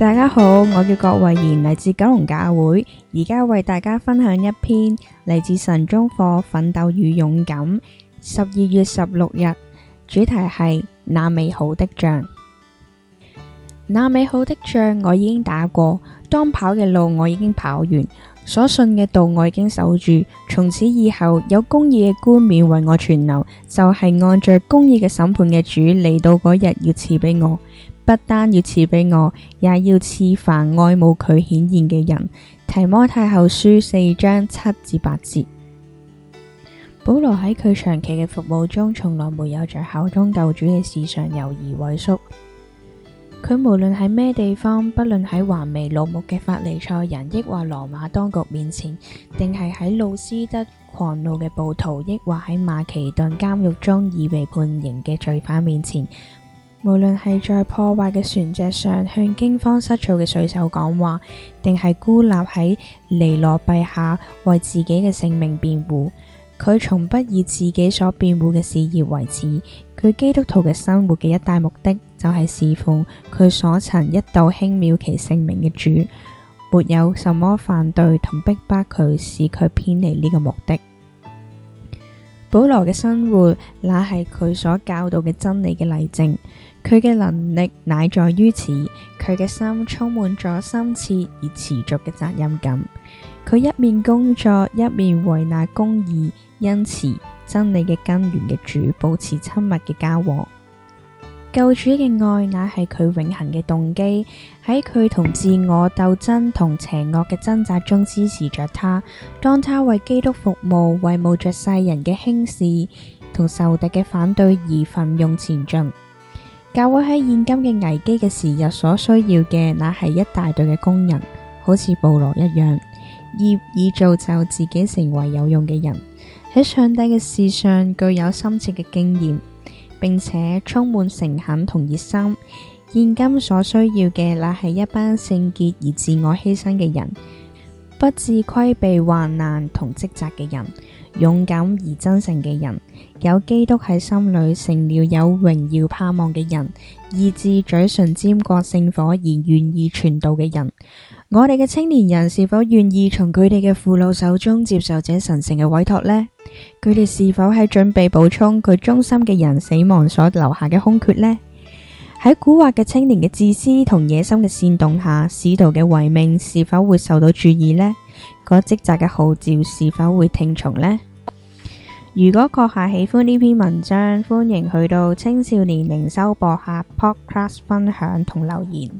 大家好，我叫郭慧賢，嚟自九龍教會，而家為大家分享一篇嚟自神中課《奮鬥與勇敢》，十二月十六日，主題係那美好的仗。那美好的仗我已經打過，當跑嘅路我已經跑完，所信嘅道我已經守住。從此以後，有公義嘅冠冕為我存留，就係、是、按着公義嘅審判嘅主嚟到嗰日要賜俾我。不單要賜俾我，也要賜凡愛慕佢顯現嘅人。提摩太後書四章七至八節。保羅喺佢長期嘅服務中，從來沒有在效忠救主嘅事上猶豫畏縮。佢無論喺咩地方，不論喺橫眉怒目嘅法利賽人，抑或羅馬當局面前，定係喺路斯德狂怒嘅暴徒，抑或喺馬其頓監獄中已被判刑嘅罪犯面前。無論係在破壞嘅船隻上向驚慌失措嘅水手講話，定係孤立喺尼祿陛下為自己嘅性命辯護，佢從不以自己所辯護嘅事業為恥。佢基督徒嘅生活嘅一大目的，就係侍奉佢所曾一度輕蔑其性命嘅主。沒有什麼反對同逼迫，佢使佢偏離呢個目的。保羅嘅生活那係佢所教導嘅真理嘅例證，佢嘅能力乃在於此，佢嘅心充滿咗深切而持續嘅責任感，佢一面工作，一面為那公義、恩慈真理嘅根源嘅主保持親密嘅交往。救主嘅愛乃係佢永恆嘅動機，喺佢同自我鬥爭同邪惡嘅掙扎中支持着他。當他為基督服務，為冒着世人嘅輕視同仇敵嘅反對而奮勇前進，教會喺現今嘅危機嘅時日所需要嘅，乃係一大隊嘅工人，好似保羅一樣，業以造就自己成為有用嘅人，喺上帝嘅事上具有深切嘅經驗。並且充滿誠懇同熱心，現今所需要嘅那係一班聖潔而自我犧牲嘅人。不自規避患難同職責嘅人，勇敢而真誠嘅人，有基督喺心裏，成了有榮耀盼望嘅人，以致嘴唇沾過聖火而願意傳道嘅人。我哋嘅青年人是否願意從佢哋嘅父老手中接受這神聖嘅委託呢？佢哋是否喺準備補充佢忠心嘅人死亡所留下嘅空缺呢？喺蠱惑嘅青年嘅自私同野心嘅煽動下，使徒嘅遺命是否會受到注意呢？個職責嘅號召是否會聽從呢？如果閣下喜歡呢篇文章，歡迎去到青少年靈修博客 Podcast 分享同留言。